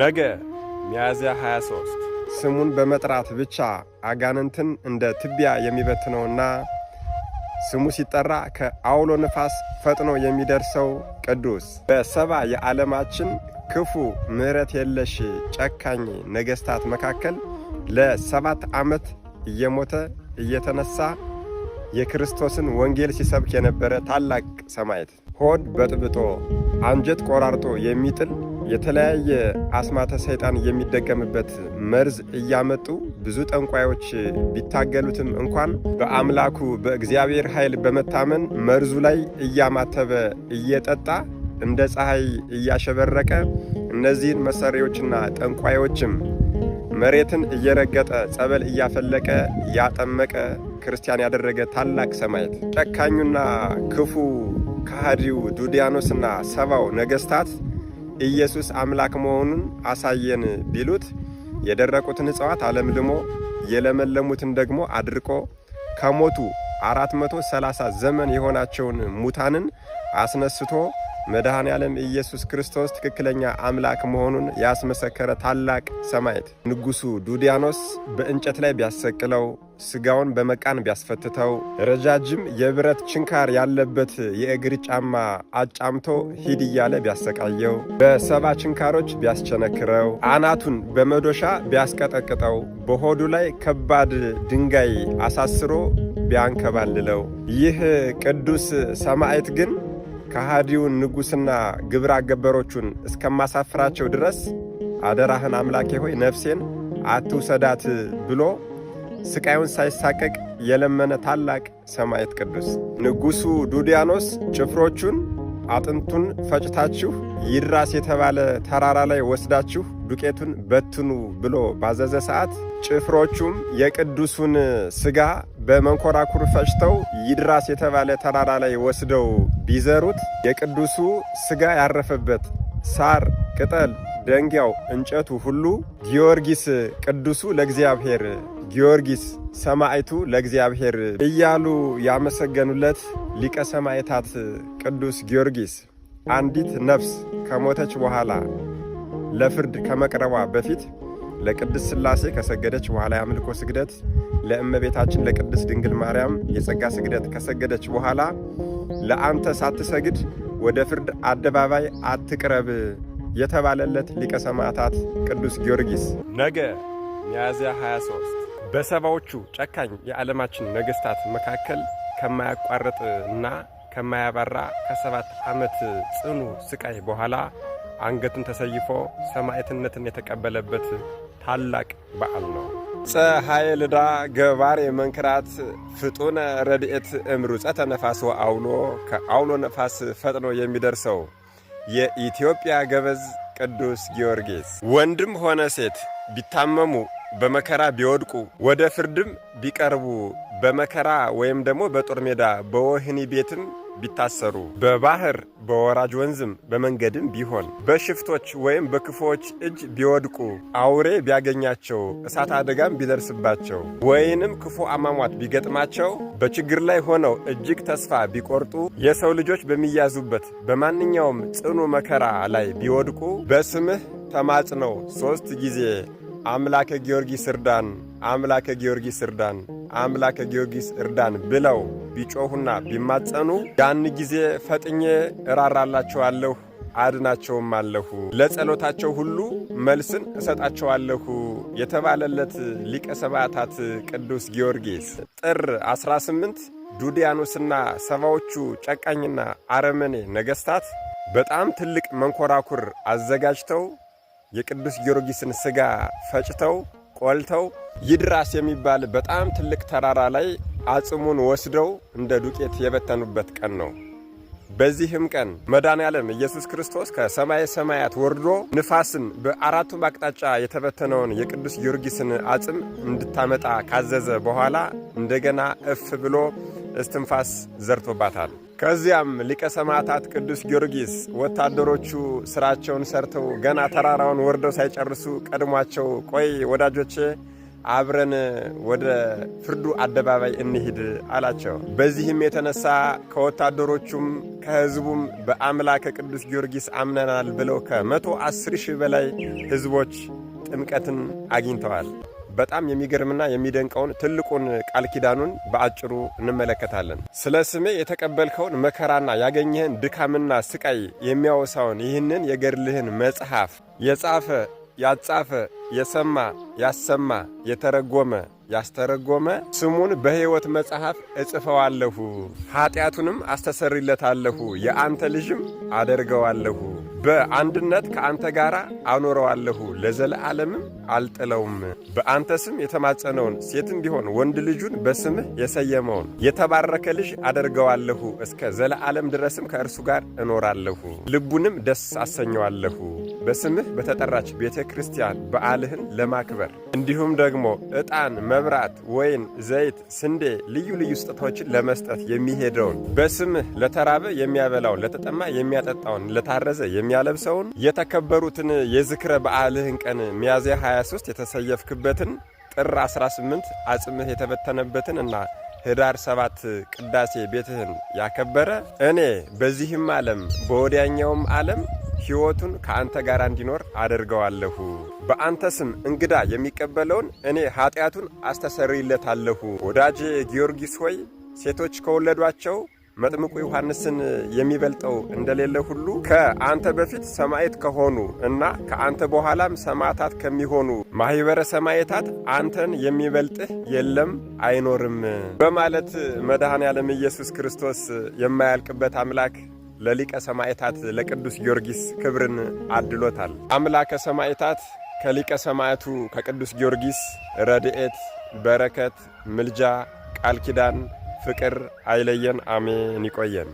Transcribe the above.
ነገ ሚያዝያ 23 ስሙን በመጥራት ብቻ አጋንንትን እንደ ትቢያ የሚበትነውና ስሙ ሲጠራ ከአውሎ ነፋስ ፈጥኖ የሚደርሰው ቅዱስ በሰባ የዓለማችን ክፉ ምሕረት የለሽ ጨካኝ ነገሥታት መካከል ለሰባት ዓመት እየሞተ እየተነሳ የክርስቶስን ወንጌል ሲሰብክ የነበረ ታላቅ ሰማዕት ሆድ በጥብጦ አንጀት ቆራርጦ የሚጥል የተለያየ አስማተ ሰይጣን የሚደገምበት መርዝ እያመጡ ብዙ ጠንቋዮች ቢታገሉትም እንኳን በአምላኩ በእግዚአብሔር ኃይል በመታመን መርዙ ላይ እያማተበ እየጠጣ እንደ ፀሐይ እያሸበረቀ እነዚህን መሰሪዎችና ጠንቋዮችም መሬትን እየረገጠ ጸበል እያፈለቀ ያጠመቀ ክርስቲያን ያደረገ ታላቅ ሰማዕት ጨካኙና ክፉ ከሃዲው ዱዲያኖስና ሰባው ነገሥታት ኢየሱስ አምላክ መሆኑን አሳየን ቢሉት የደረቁትን እጽዋት አለምልሞ የለመለሙትን ደግሞ አድርቆ ከሞቱ 430 ዘመን የሆናቸውን ሙታንን አስነስቶ መድኃኔ ዓለም ኢየሱስ ክርስቶስ ትክክለኛ አምላክ መሆኑን ያስመሰከረ ታላቅ ሰማዕት ንጉሡ ዱዲያኖስ በእንጨት ላይ ቢያሰቅለው ስጋውን በመቃን ቢያስፈትተው ረጃጅም የብረት ችንካር ያለበት የእግር ጫማ አጫምቶ ሂድ እያለ ቢያሰቃየው፣ በሰባ ችንካሮች ቢያስቸነክረው፣ አናቱን በመዶሻ ቢያስቀጠቅጠው፣ በሆዱ ላይ ከባድ ድንጋይ አሳስሮ ቢያንከባልለው፣ ይህ ቅዱስ ሰማዕት ግን ከሃዲውን ንጉሥና ግብር አገበሮቹን እስከማሳፍራቸው ድረስ አደራህን አምላኬ ሆይ ነፍሴን አትውሰዳት ብሎ ስቃዩን ሳይሳቀቅ የለመነ ታላቅ ሰማዕት ቅዱስ። ንጉሡ ዱዲያኖስ ጭፍሮቹን አጥንቱን ፈጭታችሁ ይድራስ የተባለ ተራራ ላይ ወስዳችሁ ዱቄቱን በትኑ ብሎ ባዘዘ ሰዓት ጭፍሮቹም የቅዱሱን ሥጋ በመንኮራኩር ፈጭተው ይድራስ የተባለ ተራራ ላይ ወስደው ቢዘሩት የቅዱሱ ሥጋ ያረፈበት ሳር ቅጠል ደንጊያው እንጨቱ ሁሉ ጊዮርጊስ ቅዱሱ ለእግዚአብሔር ጊዮርጊስ ሰማዕቱ ለእግዚአብሔር እያሉ ያመሰገኑለት ሊቀ ሰማዕታት ቅዱስ ጊዮርጊስ አንዲት ነፍስ ከሞተች በኋላ ለፍርድ ከመቅረቧ በፊት ለቅድስት ሥላሴ ከሰገደች በኋላ የአምልኮ ስግደት፣ ለእመቤታችን ለቅድስት ድንግል ማርያም የጸጋ ስግደት ከሰገደች በኋላ ለአንተ ሳትሰግድ ወደ ፍርድ አደባባይ አትቅረብ የተባለለት ሊቀ ሰማዕታት ቅዱስ ጊዮርጊስ ነገ ሚያዝያ 23 በሰባዎቹ ጨካኝ የዓለማችን ነገሥታት መካከል ከማያቋርጥ እና ከማያባራ ከሰባት ዓመት ጽኑ ስቃይ በኋላ አንገቱን ተሰይፎ ሰማዕትነትን የተቀበለበት ታላቅ በዓል ነው። ፀሐይ ልዳ ገባር የመንክራት ፍጡነ ረድኤት እምሩፀ ነፋስ አውሎ ከአውሎ ነፋስ ፈጥኖ የሚደርሰው የኢትዮጵያ ገበዝ ቅዱስ ጊዮርጊስ ወንድም ሆነ ሴት ቢታመሙ በመከራ ቢወድቁ ወደ ፍርድም ቢቀርቡ በመከራ ወይም ደግሞ በጦር ሜዳ በወህኒ ቤትም ቢታሰሩ በባህር በወራጅ ወንዝም በመንገድም ቢሆን በሽፍቶች ወይም በክፉዎች እጅ ቢወድቁ አውሬ ቢያገኛቸው እሳት አደጋም ቢደርስባቸው ወይንም ክፉ አሟሟት ቢገጥማቸው በችግር ላይ ሆነው እጅግ ተስፋ ቢቆርጡ የሰው ልጆች በሚያዙበት በማንኛውም ጽኑ መከራ ላይ ቢወድቁ በስምህ ተማጽነው ሦስት ጊዜ አምላከ ጊዮርጊስ እርዳን፣ አምላከ ጊዮርጊስ እርዳን አምላከ ጊዮርጊስ እርዳን ብለው ቢጮሁና ቢማጸኑ ያን ጊዜ ፈጥኜ እራራላቸዋለሁ አድናቸውም አለሁ ለጸሎታቸው ሁሉ መልስን እሰጣቸዋለሁ የተባለለት ሊቀ ሰባታት ቅዱስ ጊዮርጊስ ጥር 18 ዱዲያኖስና ሰባዎቹ ጨቃኝና አረመኔ ነገሥታት በጣም ትልቅ መንኮራኩር አዘጋጅተው የቅዱስ ጊዮርጊስን ሥጋ ፈጭተው ቆልተው ይድራስ የሚባል በጣም ትልቅ ተራራ ላይ አጽሙን ወስደው እንደ ዱቄት የበተኑበት ቀን ነው። በዚህም ቀን መዳን ያለም ኢየሱስ ክርስቶስ ከሰማይ ሰማያት ወርዶ ንፋስን በአራቱም አቅጣጫ የተበተነውን የቅዱስ ጊዮርጊስን አጽም እንድታመጣ ካዘዘ በኋላ እንደገና እፍ ብሎ እስትንፋስ ዘርቶባታል። ከዚያም ሊቀ ሰማዕታት ቅዱስ ጊዮርጊስ ወታደሮቹ ስራቸውን ሰርተው ገና ተራራውን ወርደው ሳይጨርሱ ቀድሟቸው፣ ቆይ ወዳጆቼ አብረን ወደ ፍርዱ አደባባይ እንሂድ አላቸው። በዚህም የተነሳ ከወታደሮቹም ከሕዝቡም በአምላከ ቅዱስ ጊዮርጊስ አምነናል ብለው ከመቶ አስር ሺህ በላይ ሕዝቦች ጥምቀትን አግኝተዋል። በጣም የሚገርምና የሚደንቀውን ትልቁን ቃል ኪዳኑን በአጭሩ እንመለከታለን። ስለ ስሜ የተቀበልከውን መከራና ያገኘህን ድካምና ስቃይ የሚያወሳውን ይህንን የገድልህን መጽሐፍ የጻፈ ያጻፈ፣ የሰማ፣ ያሰማ፣ የተረጎመ፣ ያስተረጎመ ስሙን በሕይወት መጽሐፍ እጽፈዋለሁ፣ ኀጢአቱንም አስተሰሪለታለሁ የአንተ ልጅም አደርገዋለሁ በአንድነት ከአንተ ጋር አኖረዋለሁ ለዘለዓለምም አልጥለውም። በአንተ ስም የተማጸነውን ሴትም ቢሆን ወንድ ልጁን በስምህ የሰየመውን የተባረከ ልጅ አደርገዋለሁ። እስከ ዘለዓለም ድረስም ከእርሱ ጋር እኖራለሁ፣ ልቡንም ደስ አሰኘዋለሁ። በስምህ በተጠራች ቤተ ክርስቲያን በዓልህን ለማክበር እንዲሁም ደግሞ ዕጣን፣ መብራት፣ ወይን፣ ዘይት፣ ስንዴ ልዩ ልዩ ስጦታዎችን ለመስጠት የሚሄደውን በስምህ ለተራበ የሚያበላውን፣ ለተጠማ የሚያጠጣውን፣ ለታረዘ የሚያለብሰውን የተከበሩትን የዝክረ በዓልህን ቀን ሚያዝያ 23 የተሰየፍክበትን ጥር 18 አጽምህ የተበተነበትን እና ህዳር ሰባት ቅዳሴ ቤትህን ያከበረ እኔ በዚህም ዓለም በወዲያኛውም ዓለም ሕይወቱን ከአንተ ጋር እንዲኖር አደርገዋለሁ። በአንተ ስም እንግዳ የሚቀበለውን እኔ ኀጢአቱን አስተሰርይለታለሁ። ወዳጄ ጊዮርጊስ ሆይ ሴቶች ከወለዷቸው መጥምቁ ዮሐንስን የሚበልጠው እንደሌለ ሁሉ ከአንተ በፊት ሰማዕት ከሆኑ እና ከአንተ በኋላም ሰማዕታት ከሚሆኑ ማኅበረ ሰማዕታት አንተን የሚበልጥህ የለም አይኖርም በማለት መድኃኔ ዓለም ኢየሱስ ክርስቶስ የማያልቅበት አምላክ ለሊቀ ሰማዕታት ለቅዱስ ጊዮርጊስ ክብርን አድሎታል። አምላከ ሰማዕታት ከሊቀ ሰማዕቱ ከቅዱስ ጊዮርጊስ ረድኤት፣ በረከት፣ ምልጃ፣ ቃል ኪዳን፣ ፍቅር አይለየን። አሜን። ይቆየን።